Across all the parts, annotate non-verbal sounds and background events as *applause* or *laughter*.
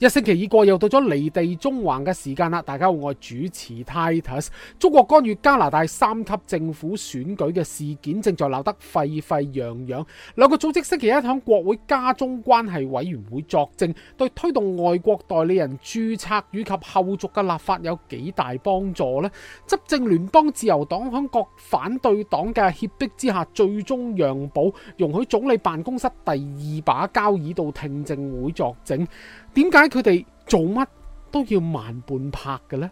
一星期已過，又到咗離地中環嘅時間啦！大家好，我係主持 Titus。中國干預加拿大三級政府選舉嘅事件正在鬧得沸沸揚揚。兩個組織星期一響國會加中關係委員會作證，對推動外國代理人注冊以及後續嘅立法有幾大幫助呢？執政聯邦自由黨響各反對黨嘅脅迫之下，最終讓步容許總理辦公室第二把交椅到聽證會作證。點解佢哋做乜都要慢半拍嘅呢？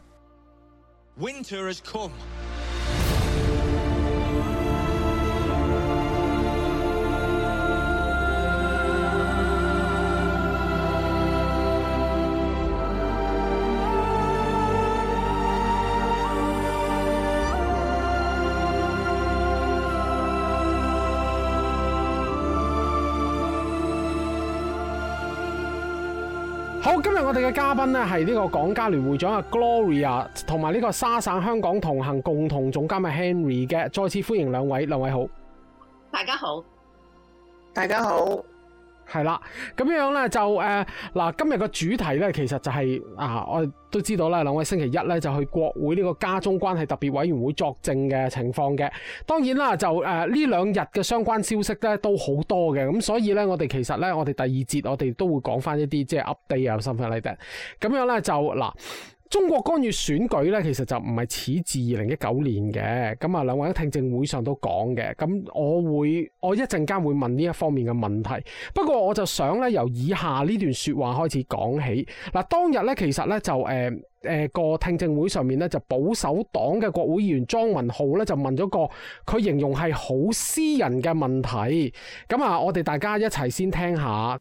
今日我哋嘅嘉賓咧係呢個港加聯會長阿 Gloria，同埋呢個沙省香港同行共同總監阿 Henry 嘅。再次歡迎兩位，兩位好。大家好，大家好。係啦，咁樣咧就誒，嗱、呃、今日個主題咧，其實就係、是、啊，我都知道啦，兩位星期一咧就去國會呢個家中關係特別委員會作證嘅情況嘅。當然啦，就誒呢、呃、兩日嘅相關消息咧都好多嘅，咁所以咧我哋其實咧我哋第二節我哋都會講翻一啲即係 update 啊 something like that 咁樣咧就嗱。中國干預選舉咧，其實就唔係始自二零一九年嘅。咁啊，兩位喺聽證會上都講嘅。咁我會，我一陣間會問呢一方面嘅問題。不過我就想咧，由以下呢段說話開始講起。嗱，當日咧，其實咧就誒誒個聽證會上面咧，就保守黨嘅國會議員莊文浩咧就問咗個，佢形容係好私人嘅問題。咁啊，我哋大家一齊先聽下。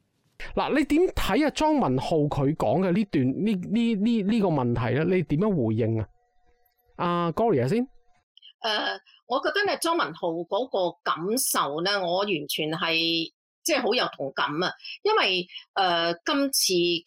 嗱，你點睇啊？莊文浩佢講嘅呢段呢呢呢呢個問題咧，你點樣回應啊？阿、uh, Gloria 先，誒，我覺得咧，莊文浩嗰個感受咧，我完全係即係好有同感啊！因為誒，uh, 今次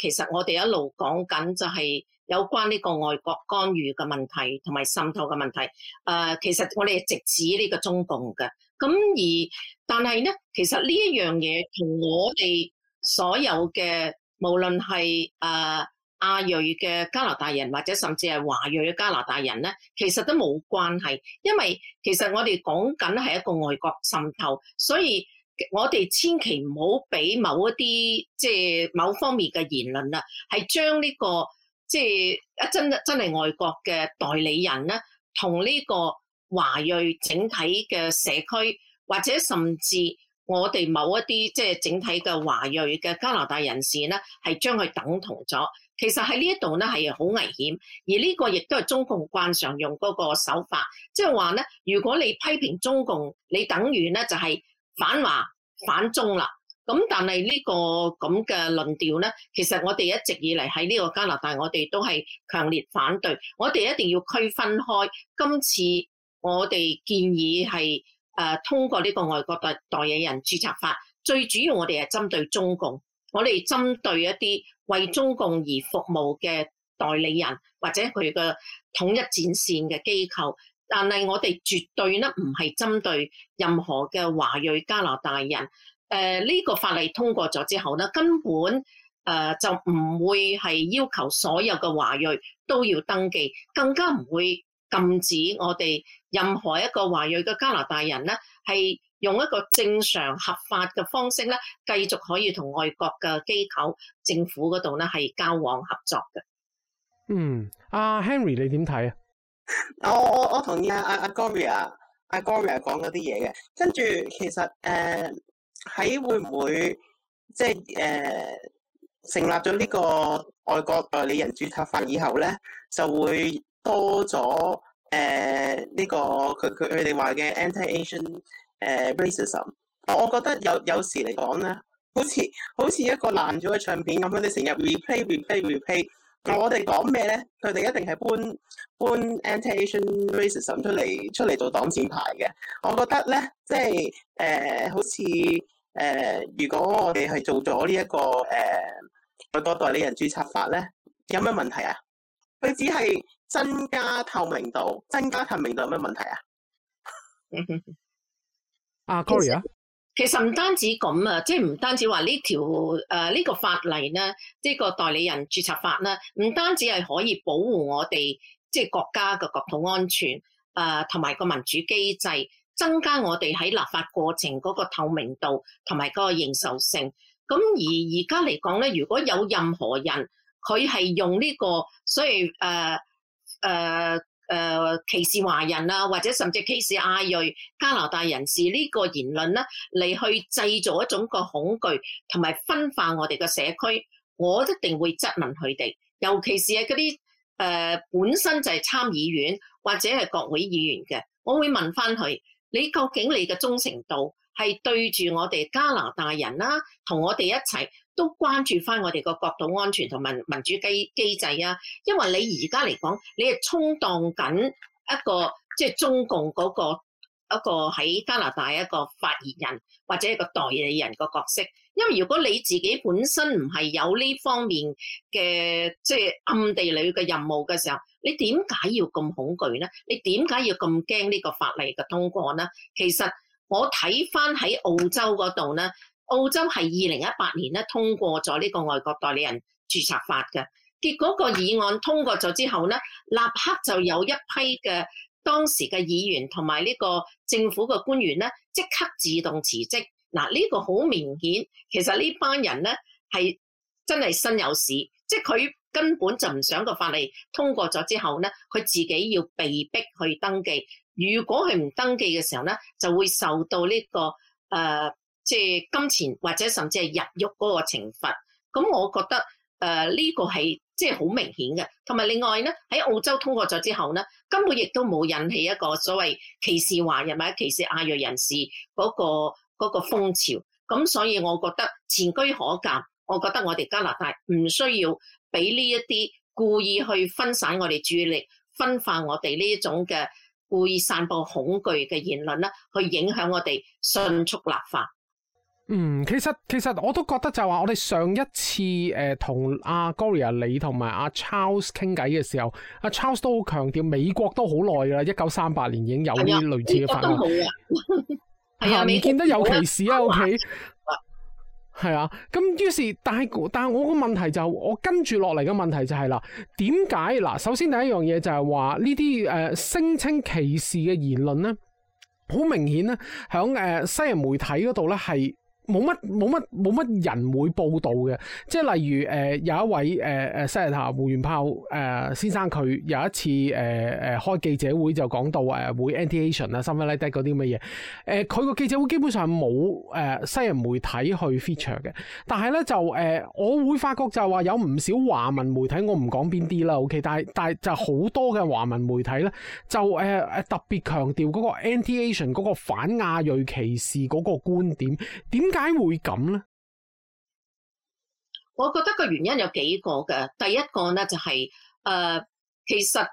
其實我哋一路講緊就係有關呢個外國干預嘅問題同埋滲透嘅問題。誒、uh, 其實我哋係直指呢個中共嘅。咁而但係咧，其實呢一樣嘢同我哋。所有嘅，無論係誒亞裔嘅加拿大人，或者甚至係華裔嘅加拿大人咧，其實都冇關係，因為其實我哋講緊係一個外國滲透，所以我哋千祈唔好俾某一啲即係某方面嘅言論啦，係將呢個即係一真真係外國嘅代理人咧，同呢個華裔整體嘅社區或者甚至。我哋某一啲即係整體嘅華裔嘅加拿大人士咧，係將佢等同咗。其實喺呢一度咧係好危險，而呢個亦都係中共慣常用嗰個手法，即係話咧，如果你批評中共，你等於咧就係反華、反中啦。咁但係呢個咁嘅論調咧，其實我哋一直以嚟喺呢個加拿大，我哋都係強烈反對。我哋一定要區分開。今次我哋建議係。誒，通過呢個外國代代理人註冊法，最主要我哋係針對中共，我哋針對一啲為中共而服務嘅代理人或者佢嘅統一戰線嘅機構，但係我哋絕對咧唔係針對任何嘅華裔加拿大人。誒，呢個法例通過咗之後咧，根本誒就唔會係要求所有嘅華裔都要登記，更加唔會。禁止我哋任何一個華裔嘅加拿大人咧，係用一個正常合法嘅方式咧，繼續可以同外國嘅機構、政府嗰度咧係交往合作嘅。嗯，阿 Henry 你點睇啊？我我我同意阿阿阿 Gloria 阿 Gloria 講嗰啲嘢嘅。跟住其實誒喺、呃、會唔會即係誒成立咗呢個外國代理人註冊法以後咧，就會。多咗誒呢個佢佢佢哋話嘅 anti-Asian 誒、呃、racism，我覺得有有時嚟講咧，好似好似一個爛咗嘅唱片咁，你成日 repeat repeat repeat，我哋講咩咧？佢哋一定係搬搬 anti-Asian racism 出嚟，出嚟做擋箭牌嘅。我覺得咧，即係誒、呃、好似誒、呃、如果我哋係做咗呢一個誒外、呃、國代理人註冊法咧，有咩問題啊？佢只係增加透明度，增加透明度有咩問題啊？阿 Gary 啊，其實唔單止咁啊，即係唔單止話呢條誒呢個法例咧，呢個代理人註冊法咧，唔單止係可以保護我哋，即係國家嘅國土安全，誒同埋個民主機制，增加我哋喺立法過程嗰個透明度同埋個認受性，咁而而家嚟講咧，如果有任何人，佢係用呢個，所以誒誒誒歧視華人啊，或者甚至歧視亞裔加拿大人士呢個言論咧，嚟去製造一種個恐懼同埋分化我哋個社區。我一定會質問佢哋，尤其是係嗰啲誒本身就係參議院或者係國會議員嘅，我會問翻佢：你究竟你嘅忠誠度係對住我哋加拿大人啦，同我哋一齊？都關注翻我哋個國土安全同民民主機機制啊！因為你而家嚟講，你係充當緊一個即係中共嗰個一個喺加拿大一個發言人或者一個代理人嘅角色。因為如果你自己本身唔係有呢方面嘅即係暗地裏嘅任務嘅時候，你點解要咁恐懼呢？你點解要咁驚呢個法例嘅通過呢？其實我睇翻喺澳洲嗰度呢？澳洲係二零一八年咧通過咗呢個外國代理人註冊法嘅，結果個議案通過咗之後咧，立刻就有一批嘅當時嘅議員同埋呢個政府嘅官員咧，即刻自動辭職。嗱，呢個好明顯，其實呢班人咧係真係身有屎，即係佢根本就唔想個法例通過咗之後咧，佢自己要被逼去登記。如果佢唔登記嘅時候咧，就會受到呢個誒。呃即係金錢或者甚至係入獄嗰個懲罰，咁我覺得誒呢個係即係好明顯嘅。同埋另外咧，喺澳洲通過咗之後咧，根本亦都冇引起一個所謂歧視華人或者歧視亞裔人士嗰個嗰個風潮。咁所以我覺得前居可鑑，我覺得我哋加拿大唔需要俾呢一啲故意去分散我哋注意力、分化我哋呢一種嘅故意散播恐懼嘅言論啦，去影響我哋迅速立法。嗯，其實其實我都覺得就係話我哋上一次誒同阿 Gloria、呃啊、oria，你同埋阿、啊、Charles 傾偈嘅時候，阿、啊、Charles 都好強調美國都好耐啦，一九三八年已經有呢類似嘅法案，係啊呀，未見得有歧視啊，O K，係啊，咁於是，但係但係我個問題就是、我跟住落嚟嘅問題就係、是、啦，點解嗱？首先第一樣嘢就係話呢啲誒聲稱歧視嘅言論咧，好明顯咧，響誒西人媒體嗰度咧係。冇乜冇乜冇乜人會報道嘅，即係例如誒、呃、有一位誒誒、呃、西人下胡元炮誒、呃、先生，佢有一次誒誒、呃、開記者會就講到誒、呃、會 Anti-Asian 啊 similarly 啲乜嘢，誒佢個記者會基本上冇誒、呃、西人媒體去 feature 嘅，但係咧就誒、呃、我會發覺就係話有唔少華文媒體我唔講邊啲啦，OK，但係但係就好多嘅華文媒體咧，就誒誒、呃呃、特別強調嗰個 Anti-Asian 嗰個反亞裔歧視嗰個觀點點解會咁咧？我覺得個原因有幾個嘅。第一個咧就係、是、誒、呃，其實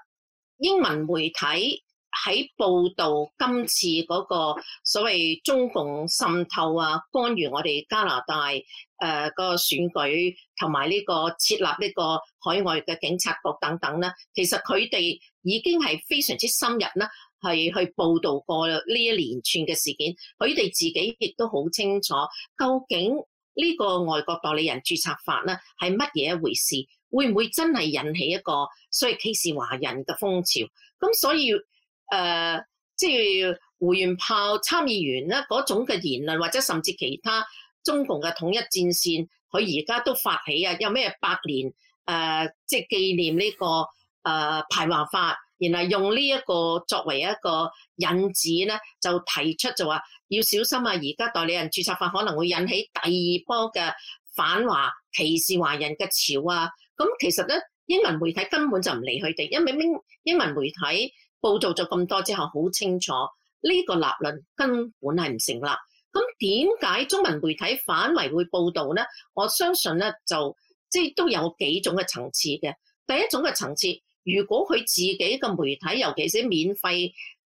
英文媒體喺報道今次嗰個所謂中共滲透啊、干預我哋加拿大誒、呃那個選舉同埋呢個設立呢個海外嘅警察局等等咧，其實佢哋已經係非常之深入啦。係去報道過呢一連串嘅事件，佢哋自己亦都好清楚，究竟呢個外國代理人註冊法啦係乜嘢一回事？會唔會真係引起一個所謂歧視華人嘅風潮？咁所以誒，即、呃、係、就是、胡元炮參議員咧嗰種嘅言論，或者甚至其他中共嘅統一戰線，佢而家都發起啊，有咩百年誒，即、呃、係、就是、紀念呢、這個誒、呃、排華法。然後用呢一個作為一個引子咧，就提出就話要小心啊！而家代理人註冊法可能會引起第二波嘅反華歧視華人嘅潮啊！咁、嗯、其實咧，英文媒體根本就唔理佢哋，因為英英文媒體報道咗咁多之後，好清楚呢、這個立論根本係唔成立。咁點解中文媒體反為會報道咧？我相信咧，就即係、就是、都有幾種嘅層次嘅。第一種嘅層次。如果佢自己嘅媒體，尤其是免費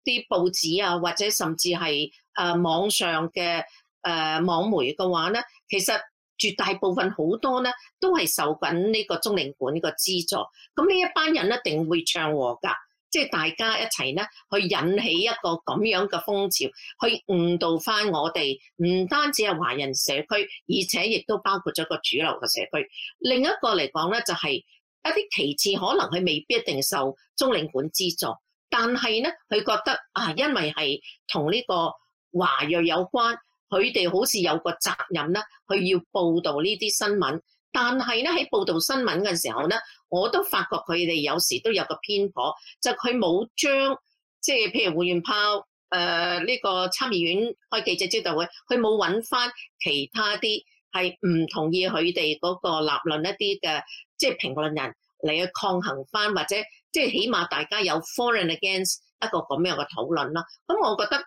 啲報紙啊，或者甚至係誒網上嘅誒網媒嘅話咧，其實絕大部分好多咧都係受緊呢個中領館呢個資助。咁呢一班人一定會唱和㗎，即係大家一齊咧去引起一個咁樣嘅風潮，去誤導翻我哋，唔單止係華人社區，而且亦都包括咗個主流嘅社區。另一個嚟講咧，就係。一啲其次，可能佢未必一定受中領館資助，但係咧，佢覺得啊，因為係同呢個華裔有關，佢哋好似有個責任啦，佢要報導呢啲新聞。但係咧，喺報導新聞嘅時候咧，我都發覺佢哋有時都有個偏頗，就佢冇將即係譬如胡元豹誒呢、呃呢個參議院開記者招待會，佢冇揾翻其他啲，係唔同意佢哋嗰個立論一啲嘅，即係評論人嚟去抗衡翻，或者即係起碼大家有 foreign against 一個咁樣嘅討論咯。咁我覺得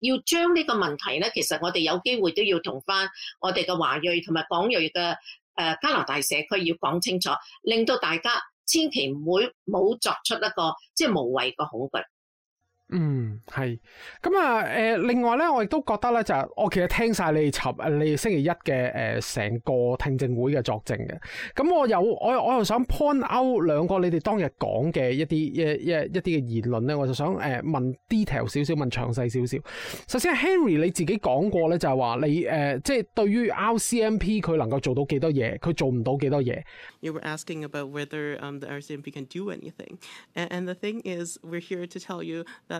要將呢個問題咧，其實我哋有機會都要同翻我哋嘅華裔同埋港裔嘅誒加拿大社區要講清楚，令到大家千祈唔會冇作出一個即係無謂嘅恐懼。嗯，係咁啊，誒、呃，另外咧，我亦都覺得咧，就係、是，我其實聽晒你哋尋，你哋星期一嘅誒成個聽證會嘅作證嘅。咁我又我我又想 point out 兩個你哋當日講嘅一啲、呃、一一一啲嘅言論咧，我就想誒問 detail 少少，問詳細少少。首先 Henry 你自己講過咧，就係、是、話你誒，即、呃、係、就是、對於 RCMP 佢能夠做到幾多嘢，佢做唔到幾多嘢。You were asking about whether um the RCMP can do anything, and, and the thing is we're here to tell you that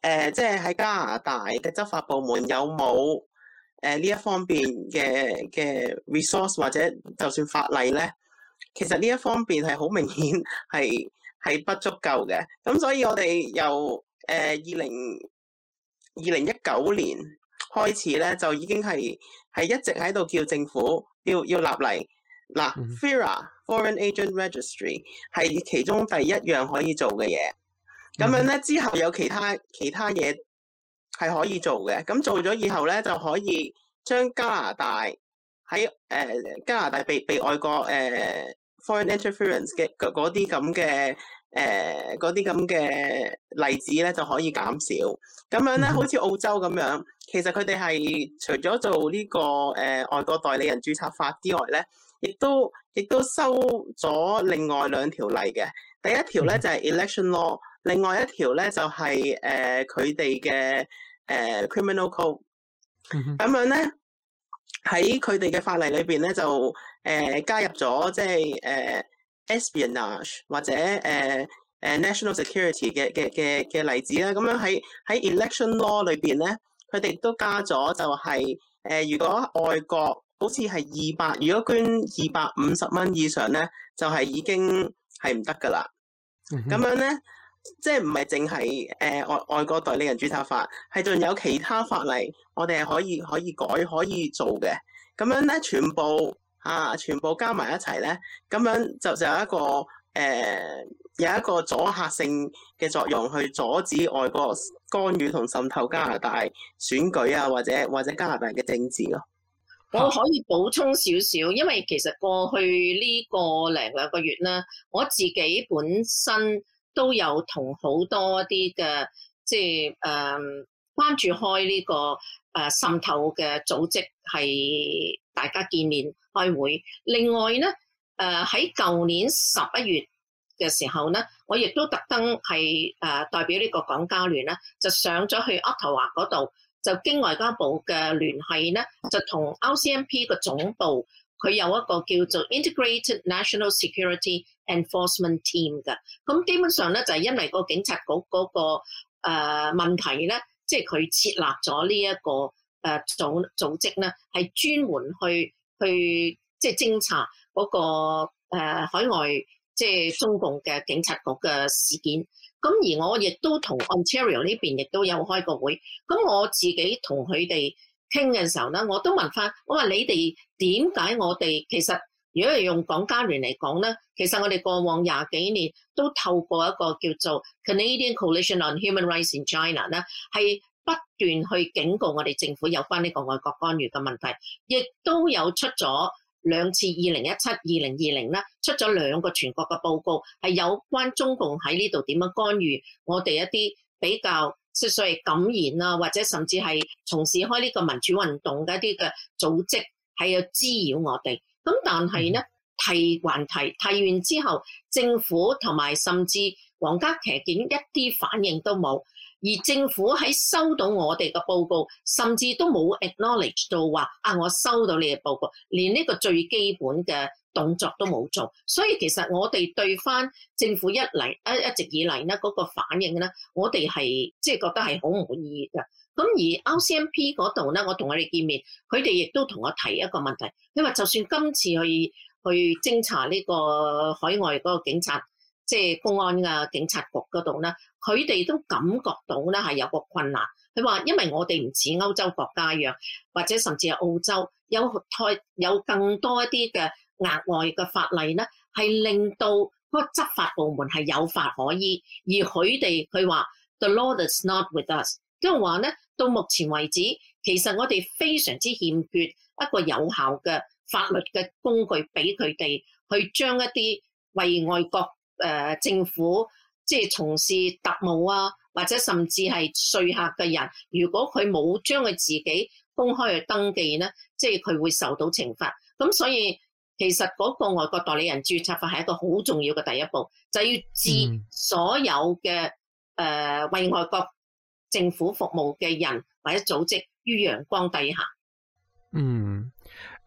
誒、呃，即係喺加拿大嘅執法部門有冇誒呢一方面嘅嘅 resource 或者就算法例咧，其實呢一方面係好明顯係係不足夠嘅。咁所以我哋由誒二零二零一九年開始咧，就已經係係一直喺度叫政府要要立例嗱，FIRA Foreign Agent Registry 係其中第一樣可以做嘅嘢。咁樣咧，之後有其他其他嘢係可以做嘅。咁做咗以後咧，就可以將加拿大喺誒加拿大被被外國誒 foreign interference 嘅嗰啲咁嘅誒嗰啲咁嘅例子咧，就可以減少。咁樣咧，好似澳洲咁樣，其實佢哋係除咗做呢個誒外國代理人註冊法之外咧，亦都亦都收咗另外兩條例嘅。第一條咧就係 election law。另外一條咧就係誒佢哋嘅誒 criminal code，咁樣咧，喺佢哋嘅法例裏邊咧就誒、呃、加入咗即係誒、呃、espionage 或者誒誒、呃、national security 嘅嘅嘅嘅例子啦。咁樣喺喺 election law 裏邊咧，佢哋都加咗就係、是、誒、呃、如果外國好似係二百，如果捐二百五十蚊以上咧，就係、是、已經係唔得㗎喇。咁、嗯、哼樣咧。即係唔係淨係誒外外國代理人註冊法，係仲有其他法例，我哋係可以可以改可以做嘅。咁樣咧，全部吓、啊，全部加埋一齊咧，咁樣就就有一個誒、呃，有一個阻吓性嘅作用去阻止外國干預同滲透加拿大選舉啊，或者或者加拿大嘅政治咯。我可以補充少少少，因為其實過去呢個零兩個月咧，我自己本身。都有同好多啲嘅即係誒、呃、關注開呢、這個誒、呃、滲透嘅組織係大家見面開會。另外咧，誒，喺舊年十一月嘅時候咧，我亦都特登係誒代表呢個港加聯咧，就上咗去渥太華嗰度，就經外交部嘅聯繫咧，就同 RCMP 嘅總部。佢有一個叫做 Integrated National Security Enforcement Team 嘅，咁基本上咧就係、是、因為個警察局嗰、那個誒、呃、問題咧，即係佢設立咗呢一個誒組、呃、組織咧，係專門去去即係、就是、偵查嗰、那個、呃、海外即係、就是、中共嘅警察局嘅事件。咁而我亦都同 Ontario 呢邊亦都有開過會，咁我自己同佢哋。傾嘅時候咧，我都問翻，我話你哋點解我哋其實，如果係用港加聯嚟講咧，其實我哋過往廿幾年都透過一個叫做 Canadian Coalition on Human Rights in China 咧，係不斷去警告我哋政府有關呢個外國干預嘅問題，亦都有出咗兩次二零一七、二零二零咧，出咗兩個全國嘅報告，係有關中共喺呢度點樣干預我哋一啲比較。即係感染啦，或者甚至係從事開呢個民主運動嘅一啲嘅組織，係有滋擾我哋。咁但係呢，提還提，提完之後，政府同埋甚至皇家騎警一啲反應都冇。而政府喺收到我哋嘅報告，甚至都冇 acknowledge 到話啊，我收到你嘅報告，連呢個最基本嘅動作都冇做。所以其實我哋對翻政府一嚟一一直以嚟咧嗰個反應咧，我哋係即係覺得係好唔滿意㗎。咁而 RCMP 嗰度咧，我同佢哋見面，佢哋亦都同我提一個問題，因為就算今次去去偵查呢個海外嗰個警察。即係公安嘅警察局嗰度啦，佢哋都感覺到啦係有個困難。佢話因為我哋唔似歐洲國家一樣，或者甚至係澳洲有太有更多一啲嘅額外嘅法例咧，係令到個執法部門係有法可依。」而佢哋佢話 The law does not with us，即係話咧到目前為止，其實我哋非常之欠缺一個有效嘅法律嘅工具俾佢哋去將一啲為外國。誒、呃、政府即係從事特務啊，或者甚至係說客嘅人，如果佢冇將佢自己公開去登記呢，即係佢會受到懲罰。咁所以其實嗰個外國代理人註冊法係一個好重要嘅第一步，就係、要置所有嘅誒、嗯呃、為外國政府服務嘅人或者組織於陽光底下。嗯。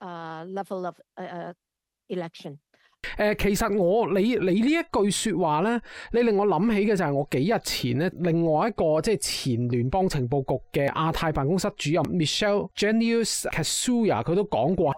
誒，level of 誒誒 election。誒，其實我你你呢一句說話咧，你令我諗起嘅就係我幾日前咧，另外一個即係前聯邦情報局嘅亞太辦公室主任 Michel Juneau-Katsuya，佢都講過。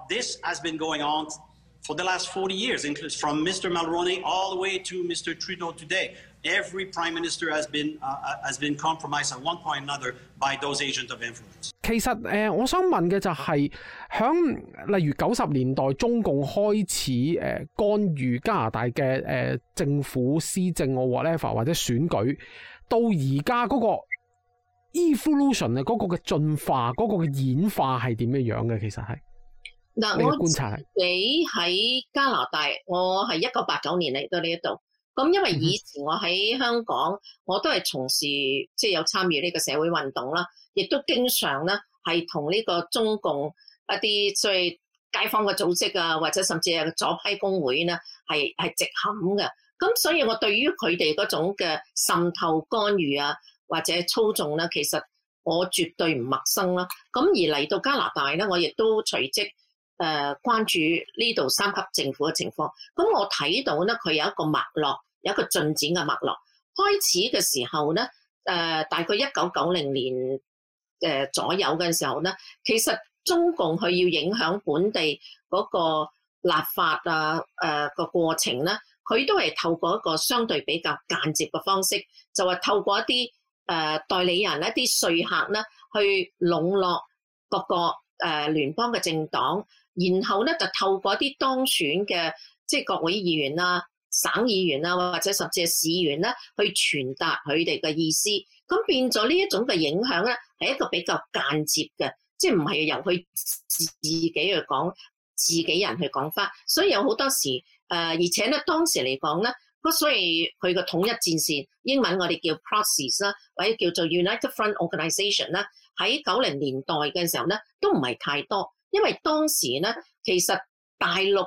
其實誒、呃，我想問嘅就係、是、響例如九十年代中共開始誒、呃、干預加拿大嘅誒、呃、政府施政，我 whatever 或者選舉，到而家嗰個 evolution 啊，嗰個嘅進化，嗰、那個嘅演化係點嘅樣嘅？其實係，你觀察你喺加拿大，我係一九八九年嚟到呢一度。咁因為以前我喺香港，我都係從事即係、就是、有參與呢個社會運動啦，亦都經常咧係同呢個中共一啲即係街坊嘅組織啊，或者甚至係左派工會咧係係直冚嘅。咁所以我對於佢哋嗰種嘅滲透干預啊，或者操縱咧，其實我絕對唔陌生啦。咁而嚟到加拿大咧，我亦都隨即誒關注呢度三級政府嘅情況。咁我睇到咧，佢有一個脈絡。有一個進展嘅脈絡，開始嘅時候咧，誒，大概一九九零年嘅左右嘅時候咧，其實中共佢要影響本地嗰個立法啊，誒、呃、個過程咧，佢都係透過一個相對比較間接嘅方式，就話、是、透過一啲誒、呃、代理人一啲說客咧，去籠絡各個誒聯、呃、邦嘅政黨，然後咧就透過一啲當選嘅即係國會議員啦、啊。省議員啦，或者甚至係市議員啦，去傳達佢哋嘅意思，咁變咗呢一種嘅影響咧，係一個比較間接嘅，即係唔係由佢自己去講，自己人去講翻。所以有好多時，誒、呃，而且咧當時嚟講咧，所以佢個統一戰線，英文我哋叫 process 啦，或者叫做 United Front Organization 啦，喺九零年代嘅時候咧，都唔係太多，因為當時咧，其實大陸。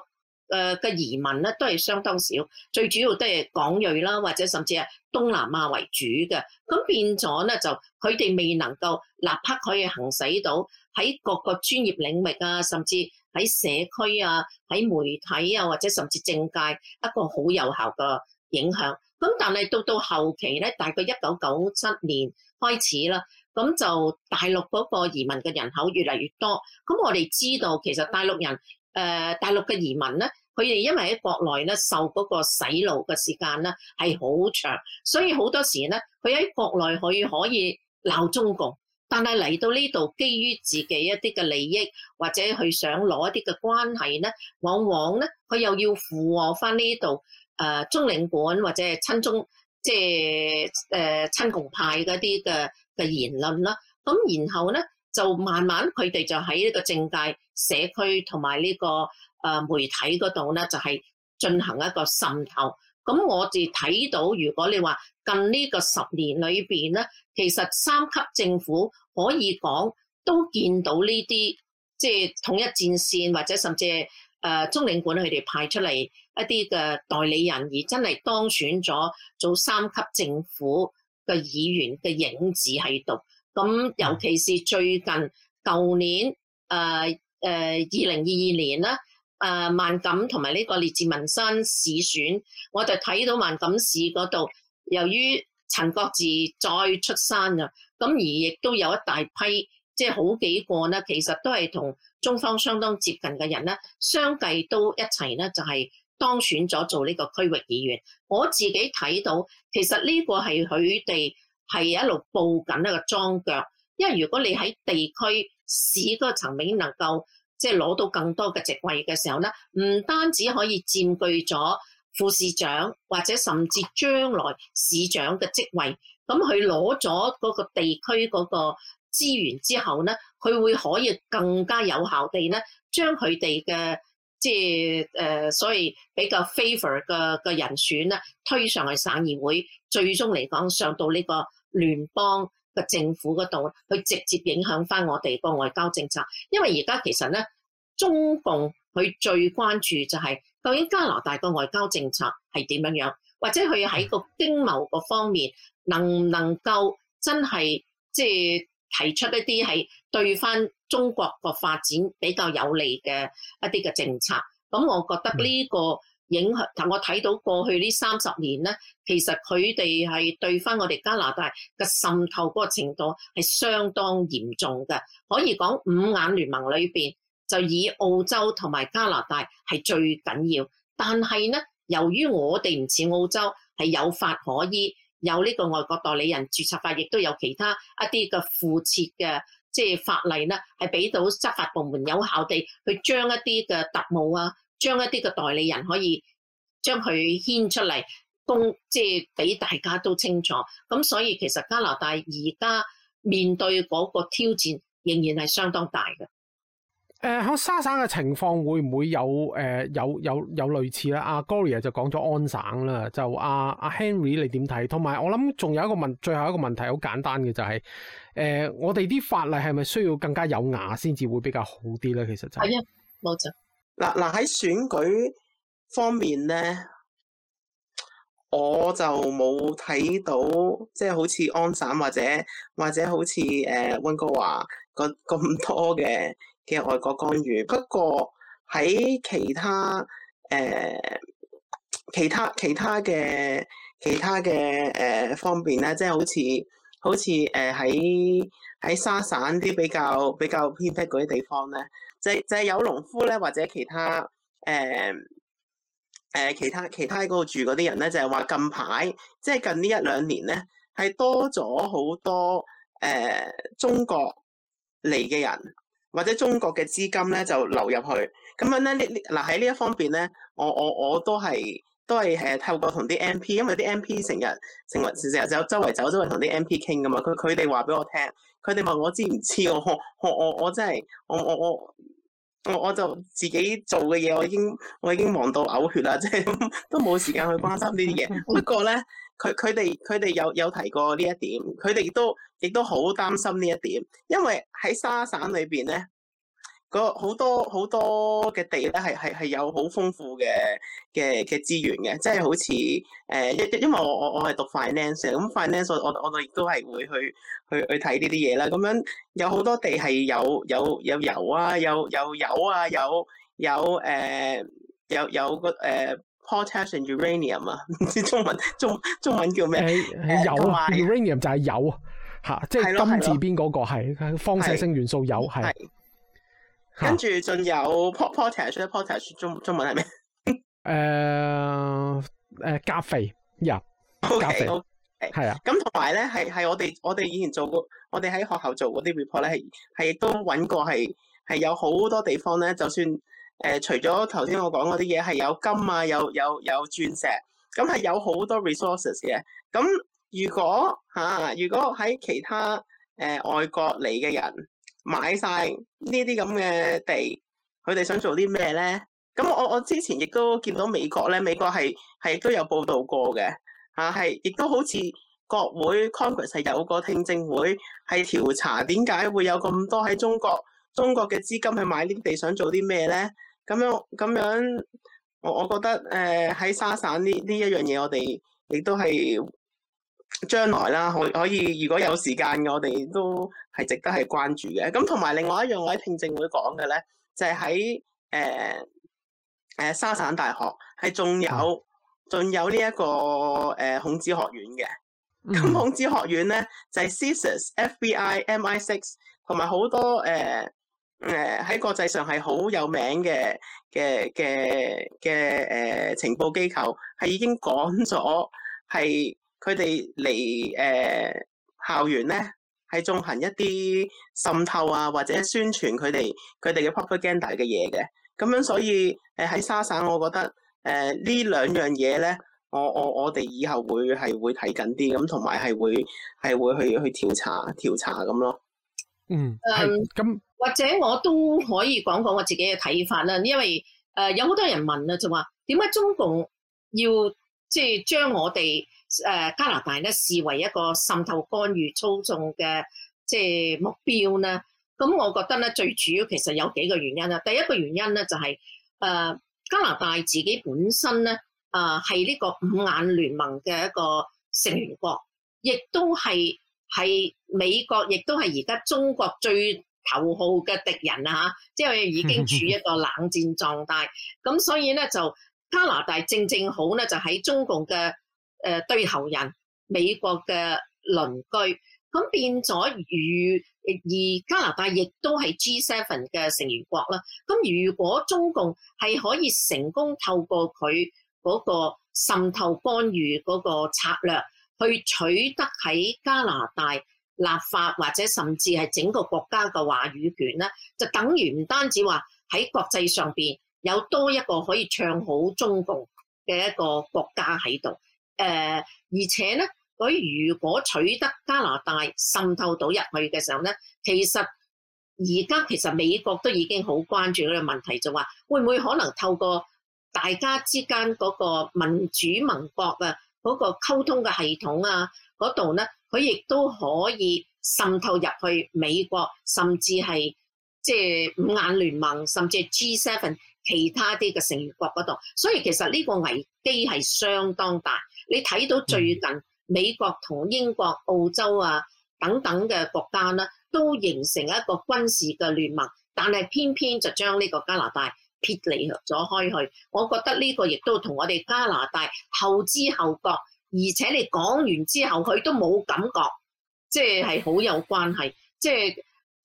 誒嘅移民咧都係相當少，最主要都係港裔啦，或者甚至係東南亞為主嘅。咁變咗咧，就佢哋未能夠立刻可以行使到喺各個專業領域啊，甚至喺社區啊、喺媒體啊，或者甚至政界一個好有效嘅影響。咁但係到到後期咧，大概一九九七年開始啦，咁就大陸嗰個移民嘅人口越嚟越多。咁我哋知道其實大陸人誒大陸嘅移民咧。佢哋因為喺國內咧受嗰個洗腦嘅時間咧係好長，所以好多時咧佢喺國內可以可以鬧中共，但係嚟到呢度，基於自己一啲嘅利益或者佢想攞一啲嘅關係咧，往往咧佢又要附和返呢度誒中領館或者係親中即係誒、呃、親共派嗰啲嘅嘅言論啦。咁然後咧就慢慢佢哋就喺呢個政界社區同埋呢個誒媒體嗰度咧，就係進行一個滲透。咁我哋睇到，如果你話近呢個十年裏邊咧，其實三級政府可以講都見到呢啲，即係統一戰線或者甚至誒中領館佢哋派出嚟一啲嘅代理人，而真係當選咗做三級政府嘅議員嘅影子喺度。咁尤其是最近舊年誒誒二零二二年咧。誒萬錦同埋呢個列治文山市選，我就睇到萬錦市嗰度，由於陳國治再出山啊，咁而亦都有一大批，即係好幾個呢，其實都係同中方相當接近嘅人呢，相繼都一齊呢，就係當選咗做呢個區域議員。我自己睇到，其實呢個係佢哋係一路報緊一個莊腳，因為如果你喺地區市嗰個層面能夠，即係攞到更多嘅席位嘅時候咧，唔單止可以佔據咗副市長或者甚至將來市長嘅職位，咁佢攞咗嗰個地區嗰個資源之後咧，佢會可以更加有效地咧，將佢哋嘅即係誒、呃，所謂比較 favoured 嘅嘅人選咧，推上去省議會，最終嚟講上到呢個聯邦個政府嗰度，去直接影響翻我哋個外交政策，因為而家其實咧，中共佢最關注就係、是、究竟加拿大個外交政策係點樣樣，或者佢喺個經貿個方面能唔能夠真係即係提出一啲係對翻中國個發展比較有利嘅一啲嘅政策，咁我覺得呢、這個。影響，但我睇到過去呢三十年咧，其實佢哋係對翻我哋加拿大嘅滲透嗰個程度係相當嚴重嘅，可以講五眼聯盟裏邊就以澳洲同埋加拿大係最緊要。但係咧，由於我哋唔似澳洲係有法可依，有呢個外國代理人註冊法，亦都有其他一啲嘅附設嘅即係法例啦，係俾到執法部門有效地去將一啲嘅特務啊。將一啲嘅代理人可以將佢牽出嚟公，即係俾大家都清楚。咁所以其實加拿大而家面對嗰個挑戰仍然係相當大嘅。誒、呃，喺沙省嘅情況會唔會有誒、呃、有有有類似咧？阿、啊、Gloria 就講咗安省啦，就阿、啊、阿、啊、Henry 你點睇？同埋我諗仲有一個問，最後一個問題好簡單嘅就係、是、誒、呃，我哋啲法例係咪需要更加有牙先至會比較好啲咧？其實就係、是、啊，冇錯、嗯。嗱嗱，喺選舉方面咧，我就冇睇到即係好似安省或者或者好似誒溫哥華咁咁多嘅嘅外國干預。不過喺其他誒其他其他嘅其他嘅誒方面咧，即係好似好似誒喺喺沙省啲比較比較偏僻嗰啲地方咧。就就有農夫咧，或者其他誒誒、呃、其他其他嗰度住嗰啲人咧，就係話近排即係近呢一兩年咧，係多咗好多誒、呃、中國嚟嘅人，或者中國嘅資金咧就流入去。咁樣咧，呢嗱喺呢一方面咧，我我我都係都係誒透過同啲 M P，因為啲 M P 成日成日成日就周圍走，周圍同啲 M P 傾噶嘛，佢佢哋話俾我聽。佢哋問我知唔知，我我我我真係我我我我我就自己做嘅嘢，我已經我已經忙到嘔血啦，即 *laughs* 係都冇時間去關心呢啲嘢。不過咧，佢佢哋佢哋有有提過呢一點，佢哋亦都亦都好擔心呢一點，因為喺沙省裏邊咧。好多好多嘅地咧，係係係有好豐富嘅嘅嘅資源嘅，即係好似誒，因因因為我我我係讀 finance 嘅，咁 finance 我我我亦都係會去去去睇呢啲嘢啦。咁樣有好多地係有有有油啊，有有油啊，有有誒有有個誒，potash and uranium 啊，唔知中文中中文叫咩？誒鈾啊，uranium 就係鈾嚇，即係金字邊嗰個係放射性元素，油係。跟住仲有 Potash，Potash 中中文係咩？誒誒，加肥入。O K O K，係啊。咁同埋咧，係係我哋我哋以前做過我哋喺學校做嗰啲 report 咧，係係都揾過，係係有好多地方咧。就算誒、呃，除咗頭先我講嗰啲嘢，係有金啊，有有有鑽石，咁係有好多 resources 嘅。咁如果嚇、啊，如果喺其他誒、呃、外國嚟嘅人。買晒呢啲咁嘅地，佢哋想做啲咩咧？咁我我之前亦都見到美國咧，美國係係都有報道過嘅，啊係亦都好似國會 Congress 係有個聽證會，係調查點解會有咁多喺中國中國嘅資金去買呢啲地，想做啲咩咧？咁樣咁樣，我我覺得誒喺沙省呢呢一樣嘢，我哋亦都係。將來啦，可可以如果有時間嘅，我哋都係值得係關注嘅。咁同埋另外一樣，我喺聽證會講嘅咧，就係喺誒誒沙省大學，係仲有仲有呢、這、一個誒、呃、孔子學院嘅。咁、嗯、孔子學院咧，就係、是、CSIS FBI MI 6、MI6 同埋好多誒誒喺國際上係好有名嘅嘅嘅嘅誒情報機構，係已經講咗係。佢哋嚟誒校園咧，係進行一啲滲透啊，或者宣傳佢哋佢哋嘅 propaganda 嘅嘢嘅。咁樣所以誒喺、呃、沙省，我覺得誒呢、呃、兩樣嘢咧，我我我哋以後會係會睇緊啲，咁同埋係會係會去去調查調查咁咯。嗯。誒咁，或者我都可以講講我自己嘅睇法啦，因為誒、呃、有好多人問啦、啊，就話點解中共要即係、就是、將我哋，誒加拿大咧視為一個滲透、干預、操縱嘅即係目標啦。咁我覺得咧，最主要其實有幾個原因啦。第一個原因咧就係誒加拿大自己本身咧，誒係呢個五眼聯盟嘅一個成員國，亦都係係美國，亦都係而家中國最頭號嘅敵人啊！嚇，即係已經處於一個冷戰狀態。咁 *laughs* 所以咧，就加拿大正正好咧，就喺中共嘅。誒對後人，美國嘅鄰居，咁變咗如而加拿大亦都係 G Seven 嘅成員國啦。咁如果中共係可以成功透過佢嗰個滲透干預嗰個策略，去取得喺加拿大立法或者甚至係整個國家嘅話語權咧，就等於唔單止話喺國際上邊有多一個可以唱好中共嘅一個國家喺度。誒，而且咧，佢如果取得加拿大滲透到入去嘅時候咧，其實而家其實美國都已經好關注嗰個問題，就話會唔會可能透過大家之間嗰個民主盟國啊嗰、嗰個溝通嘅系統啊嗰度咧，佢亦都可以滲透入去美國，甚至係即係五眼聯盟，甚至係 G7。其他啲嘅成員國嗰度，所以其實呢個危機係相當大。你睇到最近美國同英國、澳洲啊等等嘅國家啦、啊，都形成一個軍事嘅聯盟，但係偏偏就將呢個加拿大撇離咗開去。我覺得呢個亦都同我哋加拿大後知後覺，而且你講完之後佢都冇感覺，即係係好有關係。即係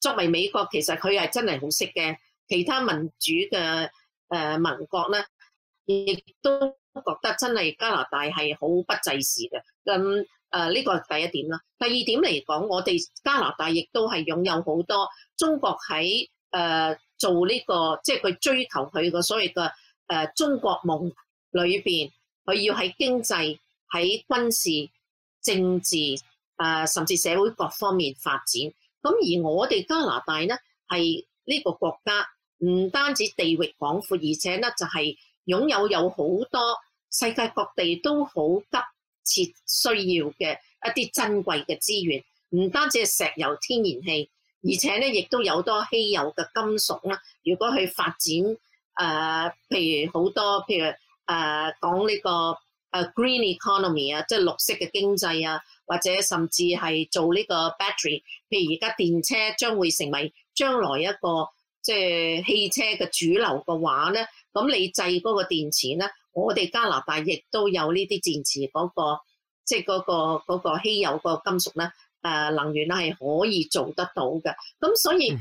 作為美國，其實佢係真係好識嘅，其他民主嘅。誒，盟、呃、國咧，亦都覺得真係加拿大係好不濟事嘅。咁、嗯、誒，呢、呃、個係第一點啦。第二點嚟講，我哋加拿大亦都係擁有好多中國喺誒、呃、做呢、這個，即係佢追求佢個所謂嘅誒中國夢裏邊，佢要喺經濟、喺軍事、政治誒、呃、甚至社會各方面發展。咁、嗯、而我哋加拿大咧，係呢個國家。唔單止地域廣闊，而且咧就係、是、擁有有好多世界各地都好急切需要嘅一啲珍貴嘅資源，唔單止係石油、天然氣，而且咧亦都有多稀有嘅金屬啦。如果去發展誒、呃，譬如好多譬如誒講呢個誒、啊、green economy 啊，即係綠色嘅經濟啊，或者甚至係做呢個 battery，譬如而家電車將會成為將來一個。即係汽車嘅主流嘅話咧，咁你製嗰個電池咧，我哋加拿大亦都有呢啲電池嗰個，即係嗰個稀有個金屬咧，誒、呃、能源咧係可以做得到嘅。咁所以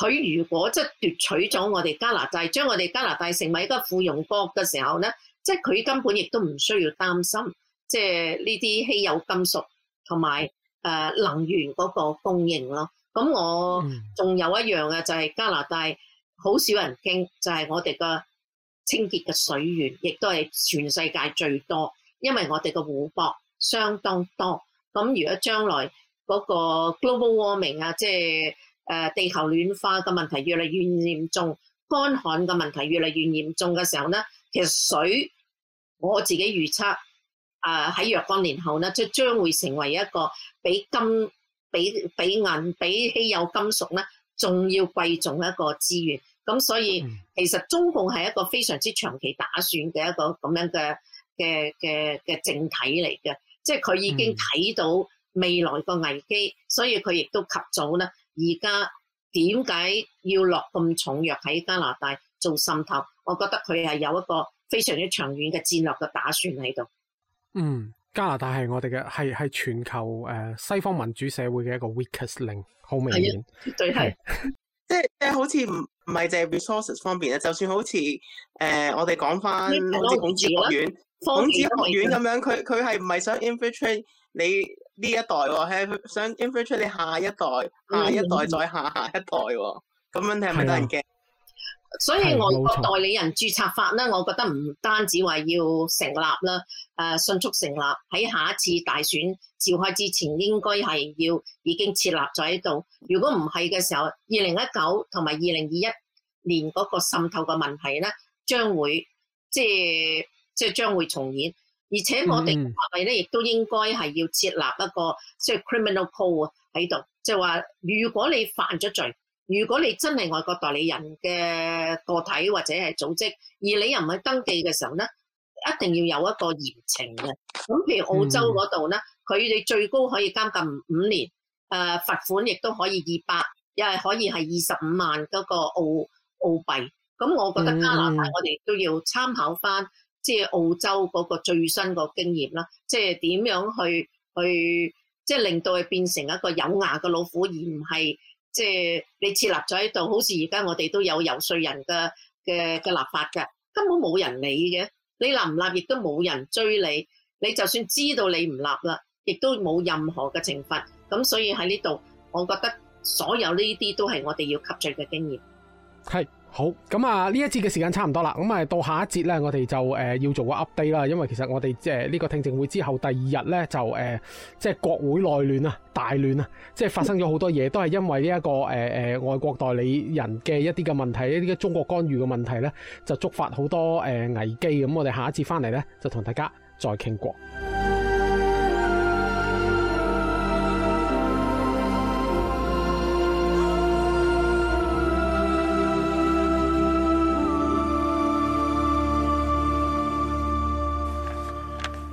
佢如果即係奪取咗我哋加拿大，將我哋加拿大成為一個附庸國嘅時候咧，即係佢根本亦都唔需要擔心，即係呢啲稀有金屬同埋誒能源嗰個供應咯。咁我仲有一樣嘅就係加拿大好少人傾，就係我哋嘅清潔嘅水源，亦都係全世界最多，因為我哋嘅湖泊相當多。咁如果將來嗰個 global warming 啊，即係誒地球暖化嘅問題越嚟越嚴重，乾旱嘅問題越嚟越嚴重嘅時候咧，其實水我自己預測，誒喺若干年後咧，即係將會成為一個比金比比銀比稀有金屬咧，仲要貴重一個資源。咁所以、mm. 其實中共係一個非常之長期打算嘅一個咁樣嘅嘅嘅嘅政體嚟嘅，即係佢已經睇到未來個危機，mm. 所以佢亦都及早咧。而家點解要落咁重藥喺加拿大做滲透？我覺得佢係有一個非常之長遠嘅戰略嘅打算喺度。嗯。Mm. 加拿大係我哋嘅、係係全球誒西方民主社會嘅一個 weakest link。對 好明顯，絕對係，即係即係好似唔唔係淨係 resources 方面，咧，就算好似誒、呃、我哋講翻孔子學院，孔子學院咁樣，佢佢係唔係想 infiltrate 你呢一代，係想 infiltrate 你下一代，下一代再下下一代，咁、嗯嗯、樣你係咪得人驚？所以外國代理人註冊法咧，我覺得唔單止話要成立啦，誒，迅速成立喺下一次大選召開之前，應該係要已經設立咗喺度。如果唔係嘅時候，二零一九同埋二零二一年嗰個滲透嘅問題咧，將會即係即係將會重演。而且我哋華裔咧，亦都應該係要設立一個、嗯、即係 criminal code 喺度，就話、是、如果你犯咗罪。如果你真係外國代理人嘅個體或者係組織，而你又唔去登記嘅時候咧，一定要有一個嚴懲嘅。咁譬如澳洲嗰度咧，佢哋、嗯、最高可以監禁五年，誒、呃、罰款亦都可以二百，又係可以係二十五萬嗰個澳澳幣。咁我覺得加拿大我哋都要參考返，即係澳洲嗰個最新個經驗啦，即係點樣去去，即、就、係、是、令到佢變成一個有牙嘅老虎，而唔係。即係你設立咗喺度，好似而家我哋都有遊說人嘅嘅嘅立法嘅，根本冇人理嘅。你立唔立亦都冇人追你，你就算知道你唔立啦，亦都冇任何嘅懲罰。咁所以喺呢度，我覺得所有呢啲都係我哋要吸取嘅經驗。係。好，咁啊呢一節嘅時間差唔多啦，咁啊到下一節咧，我哋就誒要做個 update 啦，因為其實我哋誒呢個聽證會之後第二日咧就誒即係國會內亂啊，大亂啊，即係發生咗好多嘢，都係因為呢一個誒誒外國代理人嘅一啲嘅問題，一啲中國干預嘅問題咧，就觸發好多誒危機。咁我哋下一節翻嚟咧就同大家再傾過。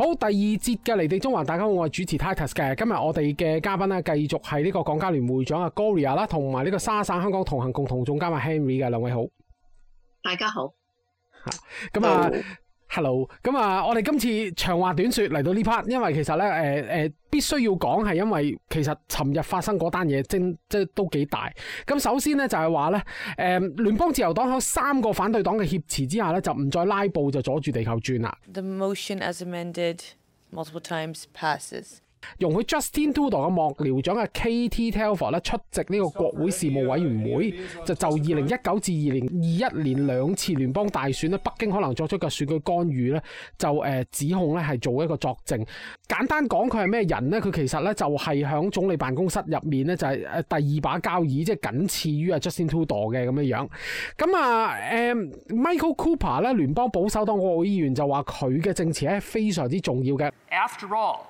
好，第二節嘅離地縱橫大家好，我係主持 Titus 嘅。今日我哋嘅嘉賓咧，繼續係呢個港加聯會長阿 Gloria 啦，同埋呢個沙省香港同行共同總監阿 Henry 嘅。兩位好，大家好。吓，咁啊。Hello，咁啊，我哋今次長話短說嚟到呢 part，因為其實咧，誒、呃、誒、呃，必須要講係因為其實尋日發生嗰單嘢，正即係都幾大。咁首先咧就係話咧，誒、呃，聯邦自由黨喺三個反對黨嘅挾持之下咧，就唔再拉布就阻住地球轉啦。The 容許 Justin Trudeau 嘅幕僚長啊，K.T.Telford 咧，出席呢個國會事務委員會，就就二零一九至二零二一年兩次聯邦大選咧，北京可能作出嘅選舉干預咧，就誒指控咧係做一個作證。簡單講，佢係咩人咧？佢其實咧就係響總理辦公室入面咧，就係誒第二把交椅，即係僅次於啊 Justin Trudeau 嘅咁樣樣。咁啊，誒、嗯、Michael Cooper 咧，聯邦保守黨國會議員就話佢嘅證詞咧非常之重要嘅。After all。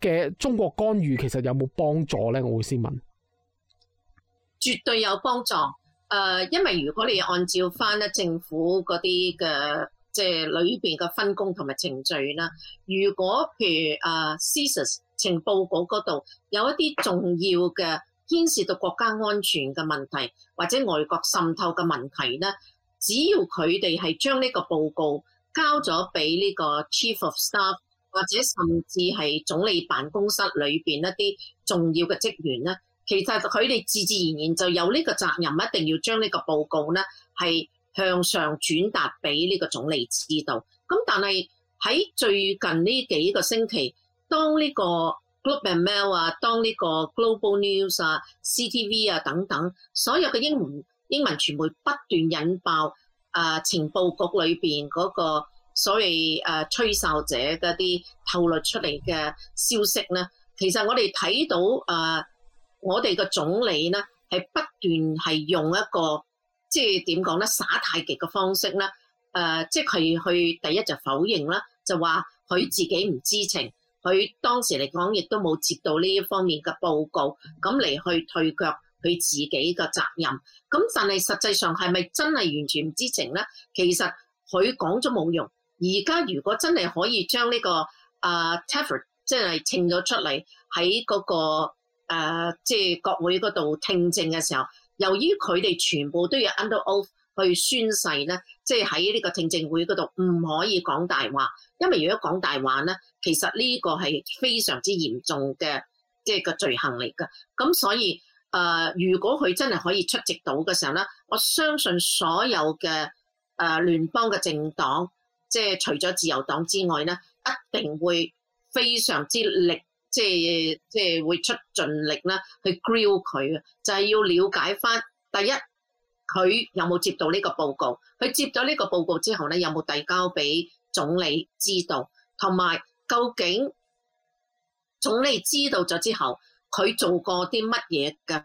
嘅中國干預其實有冇幫助咧？我會先問，絕對有幫助。誒、呃，因為如果你按照翻咧政府嗰啲嘅即係裏邊嘅分工同埋程序啦，如果譬如誒、呃，CSIS 情報局嗰度有一啲重要嘅牽涉到國家安全嘅問題或者外國滲透嘅問題咧，只要佢哋係將呢個報告交咗俾呢個 Chief of Staff。或者甚至係總理辦公室裏邊一啲重要嘅職員咧，其實佢哋自自然然就有呢個責任，一定要將呢個報告咧係向上轉達俾呢個總理知道。咁但係喺最近呢幾個星期，當呢個 Globe and Mail 啊，當呢個 Global News 啊、CTV 啊等等，所有嘅英文英文傳媒不斷引爆，誒、呃、情報局裏邊嗰個。所以誒，吹哨者嘅啲透露出嚟嘅消息咧，其實我哋睇到誒、呃，我哋嘅總理咧係不斷係用一個即係點講咧耍太極嘅方式咧，誒、呃，即係佢去第一就否認啦，就話佢自己唔知情，佢當時嚟講亦都冇接到呢一方面嘅報告，咁嚟去退卻佢自己嘅責任。咁但係實際上係咪真係完全唔知情咧？其實佢講咗冇用。而家如果真係可以將呢、這個啊、uh, Telford 即係稱咗出嚟喺嗰個即係、uh, 國會嗰度聽證嘅時候，由於佢哋全部都要 under oath 去宣誓咧，即係喺呢個聽證會嗰度唔可以講大話，因為如果講大話咧，其實呢個係非常之嚴重嘅，即、就、係、是、個罪行嚟㗎。咁所以誒，uh, 如果佢真係可以出席到嘅時候咧，我相信所有嘅誒、uh, 聯邦嘅政黨。即係除咗自由黨之外咧，一定會非常之力，即係即係會出盡力啦，去 grill 佢，就係要了解翻第一佢有冇接到呢個報告，佢接到呢個報告之後咧，有冇遞交俾總理知道，同埋究竟總理知道咗之後，佢做過啲乜嘢嘅